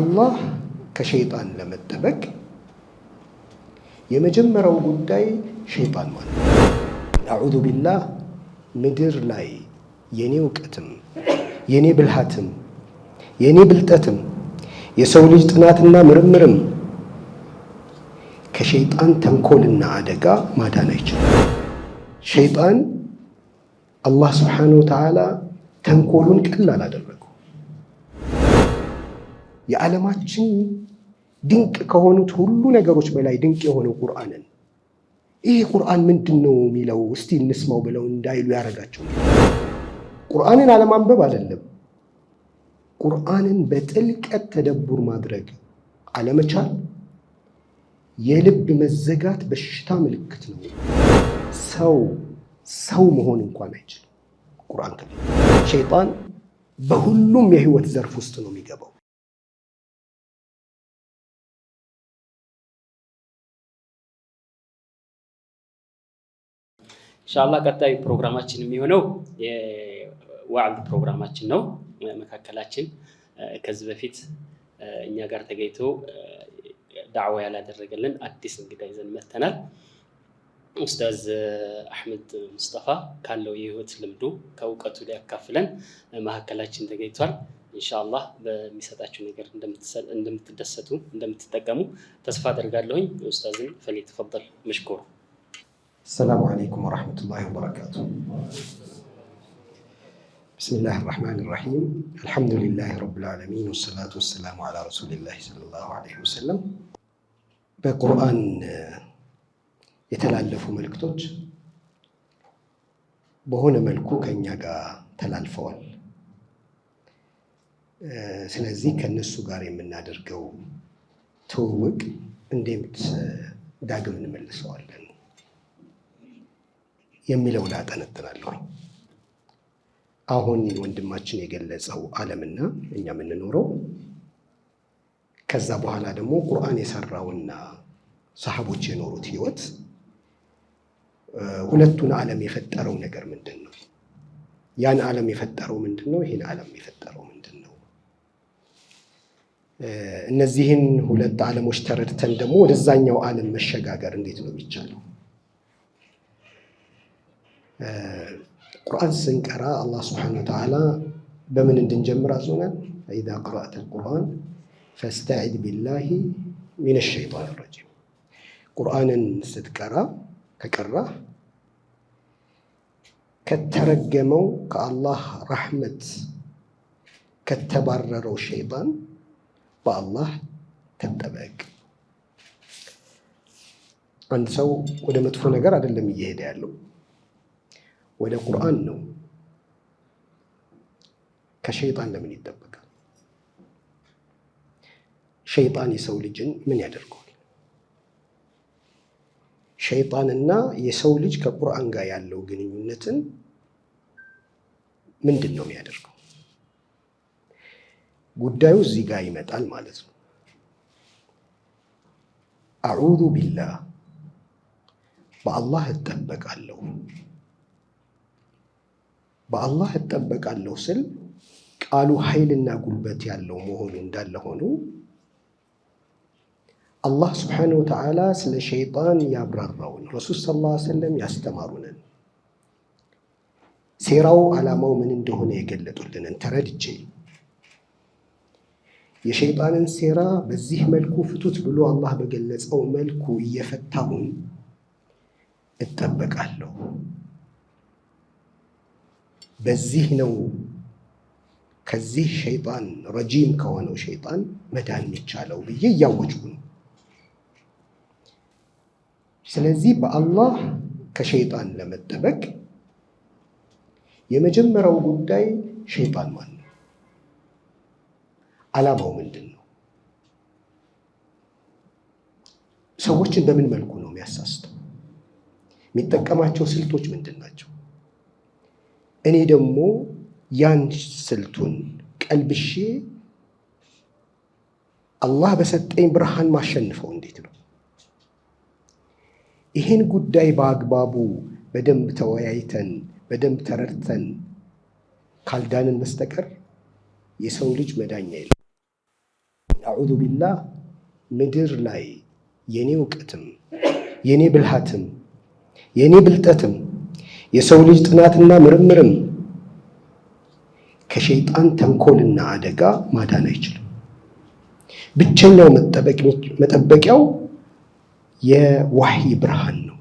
ከአላህ ከሸይጣን ለመጠበቅ የመጀመሪያው ጉዳይ ሸይጣን ማለት ነው። አዑዙ ቢላህ ምድር ላይ የኔ እውቀትም የኔ ብልሃትም የኔ ብልጠትም የሰው ልጅ ጥናትና ምርምርም ከሸይጣን ተንኮልና አደጋ ማዳን አይችልም። ሸይጣን አላህ ስብሓነሁ ወተዓላ ተንኮሉን ቀላል አደረገ። የዓለማችን ድንቅ ከሆኑት ሁሉ ነገሮች በላይ ድንቅ የሆነው ቁርአንን ይህ ቁርአን ምንድን ነው የሚለው እስቲ እንስማው ብለው እንዳይሉ ያደረጋቸው ቁርአንን አለማንበብ አይደለም፣ ቁርአንን በጥልቀት ተደቡር ማድረግ አለመቻል የልብ መዘጋት በሽታ ምልክት ነው። ሰው ሰው መሆን እንኳን አይችልም። ቁርአን ሸይጣን በሁሉም የህይወት ዘርፍ ውስጥ ነው የሚገባው። እንሻላ ቀጣይ ፕሮግራማችን የሚሆነው የዋዕዝ ፕሮግራማችን ነው። መካከላችን ከዚህ በፊት እኛ ጋር ተገኝቶ ዳዕዋ ያላደረገልን አዲስ እንግዳ ይዘን መተናል። ኡስታዝ አሕመድ ሙስጠፋ ካለው የህይወት ልምዱ ከእውቀቱ ሊያካፍለን መካከላችን ተገኝቷል። እንሻላህ በሚሰጣችሁ ነገር እንደምትደሰቱ እንደምትጠቀሙ ተስፋ አደርጋለሁኝ። ኡስታዝን ፈሌ ተፈደል መሽኩር السلام عليكم ورحمة الله وبركاته بسم الله الرحمن الرحيم الحمد لله رب العالمين والصلاة والسلام على رسول الله صلى الله عليه وسلم በቁርአን የተላለፉ መልእክቶች በሆነ መልኩ ከእኛ ጋር ተላልፈዋል። ስለዚህ ከእነሱ ጋር የምናደርገው ትውውቅ እንዴት ዳግም እንመልሰዋለን። የሚለውን አጠነጥናለሁ። አሁን ወንድማችን የገለጸው ዓለምና እኛ የምንኖረው ከዛ በኋላ ደግሞ ቁርአን የሰራውና ሰሃቦች የኖሩት ህይወት ሁለቱን ዓለም የፈጠረው ነገር ምንድን ነው? ያን ዓለም የፈጠረው ምንድን ነው? ይህን ዓለም የፈጠረው ምንድን ነው? እነዚህን ሁለት ዓለሞች ተረድተን ደግሞ ወደዛኛው ዓለም መሸጋገር እንዴት ነው የሚቻለው? ቁርአን ስንቀራ አላህ ስብሓነሁ ወተዓላ በምን እንድንጀምር አዞናል። ፈኢዛ ቀረአተ ልቁርአን ፈስተዒድ ቢላሂ ሚነ ሸይጣን ረጂም። ቁርአንን ስትቀራ ከቀራ ከተረገመው ከአላህ ረሕመት ከተባረረው ሸይጣን በአላህ ተጠበቅ። አንድ ሰው ወደ መጥፎ ነገር አይደለም እየሄደ ያለው ወደ ቁርአን ነው። ከሸይጣን ለምን ይጠበቃል? ሸይጣን የሰው ልጅን ምን ያደርገዋል? ሸይጣንና የሰው ልጅ ከቁርአን ጋር ያለው ግንኙነትን ምንድን ነው የሚያደርገው? ጉዳዩ እዚህ ጋር ይመጣል ማለት ነው። አዑዙ ቢላህ በአላህ እጠበቃለሁ በአላህ እጠበቃለሁ ስል ቃሉ ኃይልና ጉልበት ያለው መሆኑ እንዳለ ሆኖ አላህ ስብሓነ ወተዓላ ስለ ሸይጣን ያብራራውን ረሱል ስ ላ ሰለም ያስተማሩንን ሴራው ዓላማው ምን እንደሆነ የገለጡልንን ተረድቼ የሸይጣንን ሴራ በዚህ መልኩ ፍቱት ብሎ አላህ በገለጸው መልኩ እየፈታሁን እጠበቃለሁ። በዚህ ነው ከዚህ ሸይጣን ረጂም ከሆነው ሸይጣን መዳን የሚቻለው ብዬ እያወጅኩ ነው። ስለዚህ በአላህ ከሸይጣን ለመጠበቅ የመጀመሪያው ጉዳይ ሸይጣን ማን ነው? አላማው ምንድን ነው? ሰዎችን በምን መልኩ ነው የሚያሳስተው? የሚጠቀማቸው ስልቶች ምንድን ናቸው? እኔ ደግሞ ያን ስልቱን ቀልብሼ አላህ በሰጠኝ ብርሃን ማሸንፈው እንዴት ነው? ይህን ጉዳይ በአግባቡ በደንብ ተወያይተን በደንብ ተረድተን ካልዳንን በስተቀር የሰው ልጅ መዳኛ የለም። አዑዙ ቢላህ ምድር ላይ የኔ እውቀትም የኔ ብልሃትም የኔ ብልጠትም የሰው ልጅ ጥናትና ምርምርም ከሸይጣን ተንኮልና አደጋ ማዳን አይችልም። ብቸኛው መጠበቂያው የዋህይ ብርሃን ነው።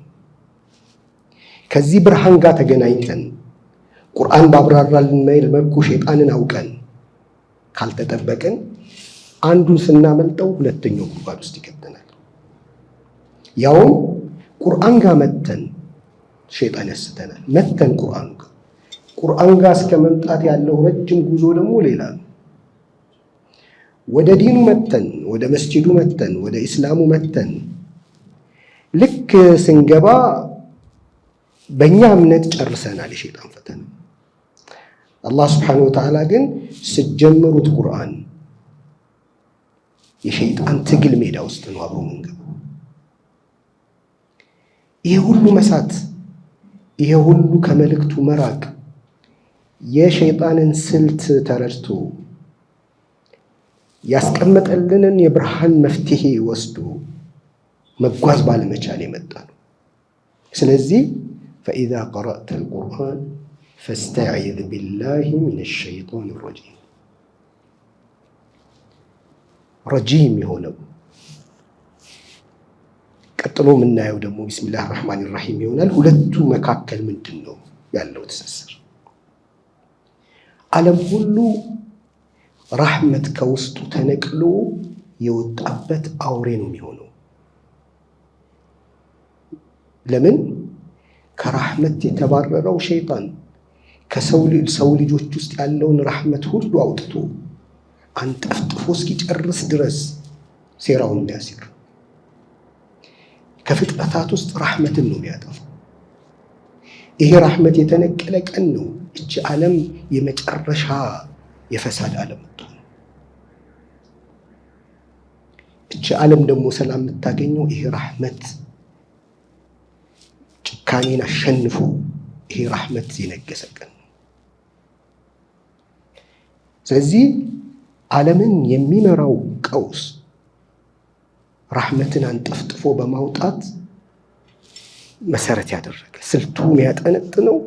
ከዚህ ብርሃን ጋር ተገናኝተን ቁርአን ባብራራልን መል መልኩ ሸይጣንን አውቀን ካልተጠበቅን አንዱን ስናመልጠው ሁለተኛው ጉድጓድ ውስጥ ይከተናል። ያውም ቁርአን ጋር መተን ሸይጣን ያስተናል። መተን ቁርአኑ ጋር ቁርአን ጋር እስከ መምጣት ያለው ረጅም ጉዞ ደግሞ ሌላ ነው። ወደ ዲኑ መተን፣ ወደ መስጂዱ መተን፣ ወደ ኢስላሙ መተን ልክ ስንገባ በእኛ እምነት ጨርሰናል የሸይጣን ፈተና። አላህ ስብሓነሁ ወተዓላ ግን ስጀምሩት ቁርአን የሸይጣን ትግል ሜዳ ውስጥ ነው አብሮ ምንገባ ይህ ሁሉ መሳት ይሄ ሁሉ ከመልእክቱ መራቅ የሸይጣንን ስልት ተረድቶ ያስቀመጠልንን የብርሃን መፍትሄ ወስዶ መጓዝ ባለመቻል የመጣ ነው። ስለዚህ ፈኢዛ ቀረእተ አልቁርአን ፈስተዒዝ ቢላሂ ሚነ ሸይጣን ረጂም ረጂም የሆነው ቀጥሎ የምናየው ደግሞ ቢስሚላህ ራህማን ራሂም ይሆናል። ሁለቱ መካከል ምንድን ነው ያለው ትስስር? ዓለም ሁሉ ራህመት ከውስጡ ተነቅሎ የወጣበት አውሬ ነው የሚሆነው። ለምን? ከራህመት የተባረረው ሸይጣን ከሰው ልጆች ውስጥ ያለውን ራህመት ሁሉ አውጥቶ አንጠፍጥፎ እስኪጨርስ ድረስ ሴራውን የሚያሴር ከፍጥረታት ውስጥ ራህመትን ነው የሚያጠፉ። ይሄ ራህመት የተነቀለ ቀን ነው። እች ዓለም የመጨረሻ የፈሳድ ዓለም ነው። እች ዓለም ደግሞ ሰላም የምታገኘው ይሄ ራህመት ጭካኔን አሸንፎ ይሄ ራህመት የነገሰ ቀን ነው። ስለዚህ ዓለምን የሚመራው ቀውስ ራህመትን አንጠፍጥፎ በማውጣት መሰረት ያደረገ ስልቱ የሚያጠነጥነው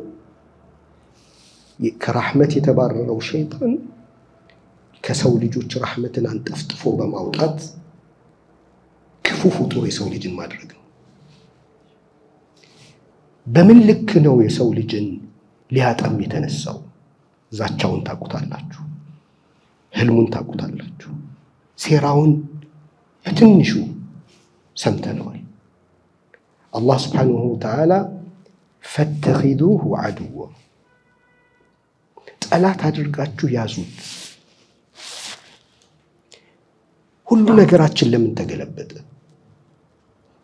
ከራህመት የተባረረው ሸይጣን ከሰው ልጆች ራህመትን አንጠፍጥፎ በማውጣት ክፉ ፍጡር የሰው ልጅን ማድረግ ነው። በምን ልክ ነው የሰው ልጅን ሊያጠም የተነሳው? ዛቻውን ታቁታላችሁ? ህልሙን ታቁታላችሁ? ሴራውን በትንሹ ሰምተነዋል። አላህ ስብሓንሁ ተዓላ ፈተኺዱሁ አድወ ጠላት አድርጋችሁ ያዙት። ሁሉ ነገራችን ለምን ተገለበጠ?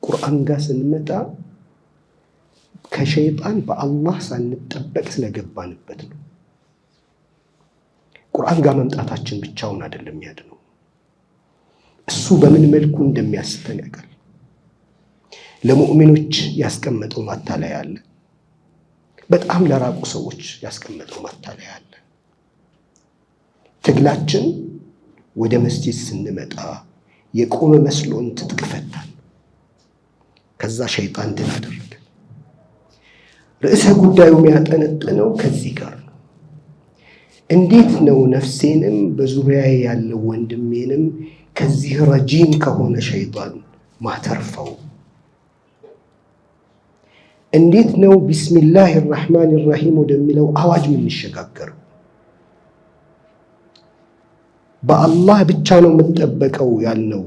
ቁርአን ጋር ስንመጣ ከሸይጣን በአላህ ሳንጠበቅ ስለገባንበት ነው። ቁርአን ጋር መምጣታችን ብቻውን አይደለም ያድነው፣ እሱ በምን መልኩ እንደሚያስተን ያውቃል። ለሙእሚኖች ያስቀመጠው ማታለያ አለ። በጣም ለራቁ ሰዎች ያስቀመጠው ማታለያ አለ። ትግላችን ወደ መስጂድ ስንመጣ የቆመ መስሎን ትጥቅ ከዛ ሸይጣን ድል አደረገ። ርዕሰ ጉዳዩ የሚያጠነጥነው ከዚህ ጋር ነው። እንዴት ነው ነፍሴንም በዙሪያ ያለው ወንድሜንም ከዚህ ረጂም ከሆነ ሸይጣን ማተርፈው? እንዴት ነው ቢስሚላህ ራህማን ራሂም ወደሚለው አዋጅ የምንሸጋገረው? በአላህ ብቻ ነው የምጠበቀው ያልነው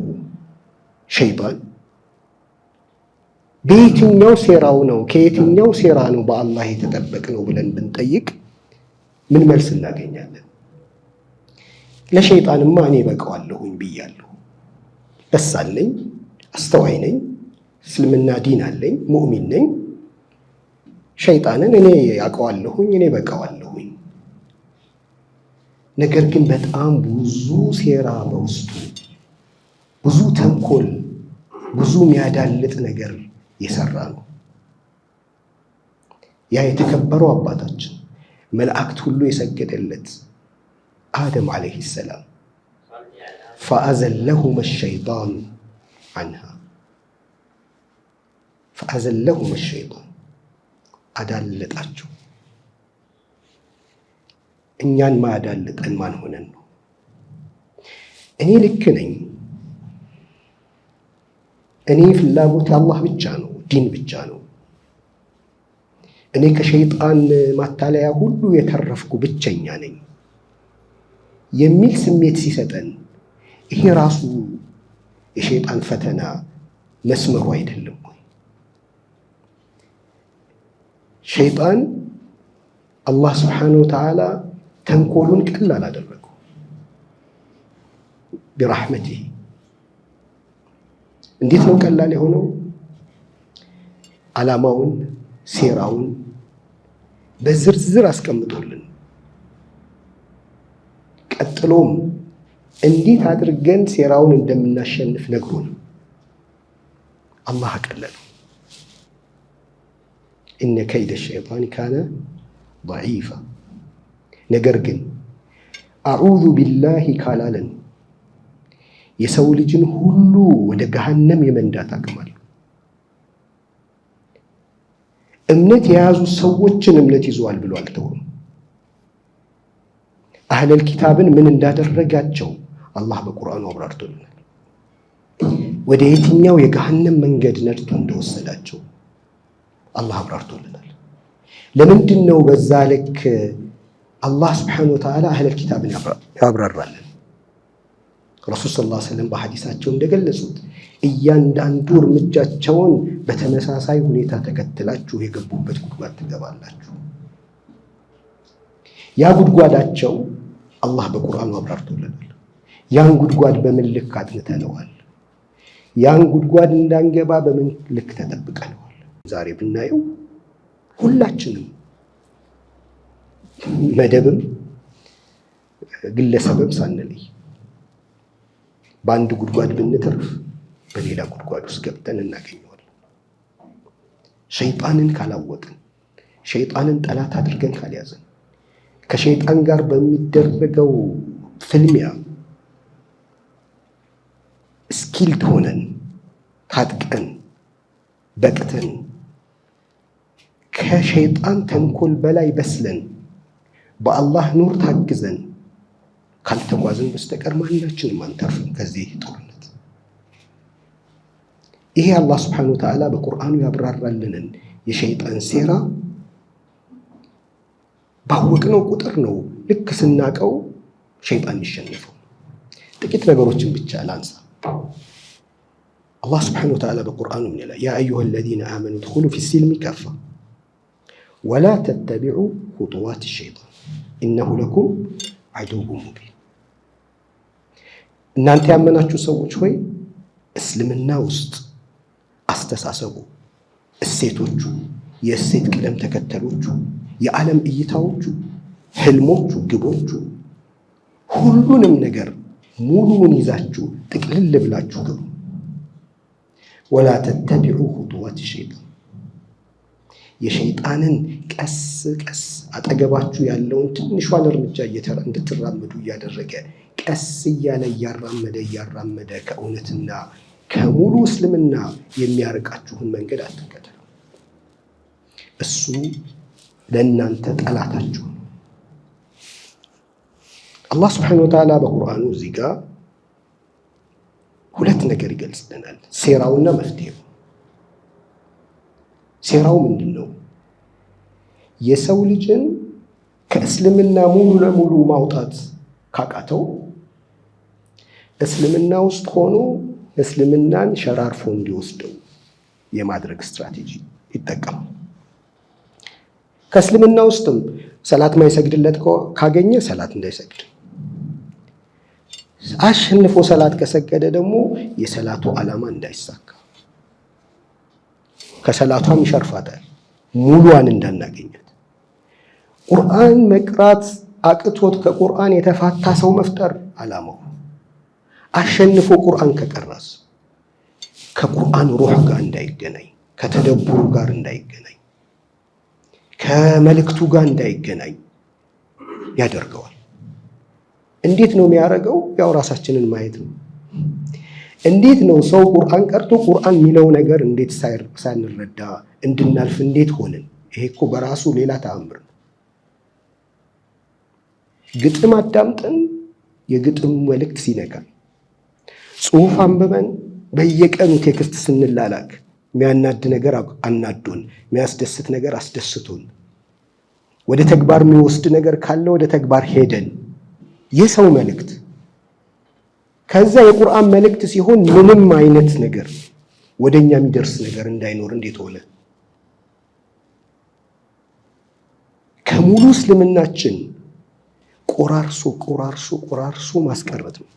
ሸይጣን በየትኛው ሴራው ነው ከየትኛው ሴራ ነው በአላህ የተጠበቅ ነው ብለን ብንጠይቅ ምን መልስ እናገኛለን? ለሸይጣንማ እኔ በቀዋለሁኝ ብያለሁ። በሳል አስተዋይ ነኝ፣ እስልምና ዲን አለኝ፣ ሙእሚን ነኝ ሸይጣንን እኔ ያውቀዋለሁኝ፣ እኔ በቀዋለሁኝ። ነገር ግን በጣም ብዙ ሴራ በውስጡ ብዙ ተንኮል፣ ብዙ የሚያዳልጥ ነገር የሰራ ነው። ያ የተከበረው አባታችን መላእክት ሁሉ የሰገደለት አደም ዓለይሂ ሰላም ፈአዘለሁመ ሸይጣኑ አንሃ ፈአዘለሁመ ሸይጣን አዳለጣቸው እኛን ማያዳልጠን ማን ሆነን ነው? እኔ ልክ ነኝ፣ እኔ ፍላጎት አላህ ብቻ ነው፣ ዲን ብቻ ነው፣ እኔ ከሸይጣን ማታለያ ሁሉ የተረፍኩ ብቸኛ ነኝ የሚል ስሜት ሲሰጠን ይሄ ራሱ የሸይጣን ፈተና መስመሩ አይደለም። ሸይጣን አላህ ስብሓነሁ ወተዓላ ተንኮሉን ቀላል አደረገው ቢራሕመቲሂ። እንዴት ነው ቀላል የሆነው? ዓላማውን ሴራውን በዝርዝር አስቀምጦልን ቀጥሎም እንዴት አድርገን ሴራውን እንደምናሸንፍ ነግሮን አላህ አቀለለው። እነ ከይደ ሸይጣን ካነ ደዒፋ። ነገር ግን አዑዙ ቢላሂ ካላለን የሰው ልጅን ሁሉ ወደ ገሃነም የመንዳት አቅም አለው። እምነት የያዙ ሰዎችን እምነት ይዘዋል ብሎ አልተውም። አህለል ኪታብን ምን እንዳደረጋቸው አላህ በቁርአኑ አብራርቶልናል። ወደ የትኛው የገሃነም መንገድ ነድቶ እንደወሰዳቸው አላህ አብራርቶልናል። ለምንድን ነው በዛ ልክ አላህ ስብሐነሁ ወተዓላ አህለል ኪታብን ያብራራለን? ረሱል ሰለላሁ ዐለይሂ ወሰለም በሐዲሳቸው እንደገለጹት እያንዳንዱ እርምጃቸውን በተመሳሳይ ሁኔታ ተከትላችሁ የገቡበት ጉድጓድ ትገባላችሁ። ያ ጉድጓዳቸው አላህ በቁርአኑ አብራርቶልናል። ያን ጉድጓድ በምን ልክ አጥንተነዋል? ያን ጉድጓድ እንዳንገባ በምን ልክ ተጠብቀነዋል? ዛሬ ብናየው ሁላችንም መደብም ግለሰብም ሳንለይ በአንድ ጉድጓድ ብንተርፍ በሌላ ጉድጓድ ውስጥ ገብተን እናገኘዋለን። ሸይጣንን ካላወቅን፣ ሸይጣንን ጠላት አድርገን ካልያዘን፣ ከሸይጣን ጋር በሚደረገው ፍልሚያ ስኪልድ ሆነን ታጥቀን በቅተን ከሸይጣን ተንኮል በላይ በስለን በአላህ ኑር ታግዘን ካልተጓዝን በስተቀር ማናችንም አንተርፍም ከዚህ ጦርነት። ይሄ አላህ ስብሓነሁ ወተዓላ በቁርአኑ ያብራራልንን የሸይጣን ሴራ ባወቅነው ቁጥር ነው ልክ ስናቀው ሸይጣን ይሸነፈው። ጥቂት ነገሮችን ብቻ ላንሳ። አላህ ስብሓነሁ ወተዓላ በቁርአኑ ምን ይላል? ያ አዩሃ ለዚነ አመኑ ድኹሉ ፊ ሲልሚ ካፋ ወላ ተተቢዑ ሁጡዋት ሸይጣን ኢነሁ ለኩም አዱቡ ሙቢን። እናንተ ያመናችሁ ሰዎች ሆይ እስልምና ውስጥ አስተሳሰቡ፣ እሴቶቹ፣ የእሴት ቅደም ተከተሎቹ፣ የዓለም እይታዎቹ፣ ህልሞቹ፣ ግቦቹ ሁሉንም ነገር ሙሉውን ይዛችሁ ጥቅልል ብላችሁ ግቡ። ወላ ተተቢዑ ሁጡዋት ሸይጣን የሸይጣንን ቀስ ቀስ አጠገባችሁ ያለውን ትንሿን እርምጃ እንድትራመዱ እያደረገ ቀስ እያለ እያራመደ እያራመደ ከእውነትና ከሙሉ እስልምና የሚያርቃችሁን መንገድ አትከተሉ። እሱ ለእናንተ ጠላታችሁ ነው። አላህ ስብሓነሁ ወተዓላ በቁርአኑ እዚህ ጋር ሁለት ነገር ይገልጽልናል፣ ሴራውና መፍትሄው ሴራው ምንድን ነው? የሰው ልጅን ከእስልምና ሙሉ ለሙሉ ማውጣት ካቃተው እስልምና ውስጥ ሆኖ እስልምናን ሸራርፎ እንዲወስደው የማድረግ ስትራቴጂ ይጠቀማል። ከእስልምና ውስጥም ሰላት ማይሰግድለት ካገኘ ሰላት እንዳይሰግድ፣ አሸንፎ ሰላት ከሰገደ ደግሞ የሰላቱ ዓላማ እንዳይሳካ ከሰላቷም ይሸርፋታል ሙሉዋን እንዳናገኛት። ቁርአን መቅራት አቅቶት ከቁርአን የተፋታ ሰው መፍጠር አላማው። አሸንፎ ቁርአን ከቀራስ ከቁርአን ሩህ ጋር እንዳይገናኝ፣ ከተደቡሩ ጋር እንዳይገናኝ፣ ከመልእክቱ ጋር እንዳይገናኝ ያደርገዋል። እንዴት ነው የሚያደርገው? ያው ራሳችንን ማየት ነው። እንዴት ነው ሰው ቁርአን ቀርቶ ቁርአን የሚለው ነገር እንዴት ሳንረዳ እንድናልፍ እንዴት ሆንን? ይሄ እኮ በራሱ ሌላ ተአምር ነው። ግጥም አዳምጠን የግጥም መልእክት ሲነካል፣ ጽሑፍ አንብበን በየቀኑ ቴክስት ስንላላክ የሚያናድ ነገር አናዶን፣ የሚያስደስት ነገር አስደስቶን፣ ወደ ተግባር የሚወስድ ነገር ካለ ወደ ተግባር ሄደን የሰው መልእክት ከዛ የቁርአን መልእክት ሲሆን ምንም አይነት ነገር ወደኛ የሚደርስ ነገር እንዳይኖር እንዴት ሆነ? ከሙሉ እስልምናችን ቆራርሶ ቆራርሶ ቆራርሶ ማስቀረት ነው።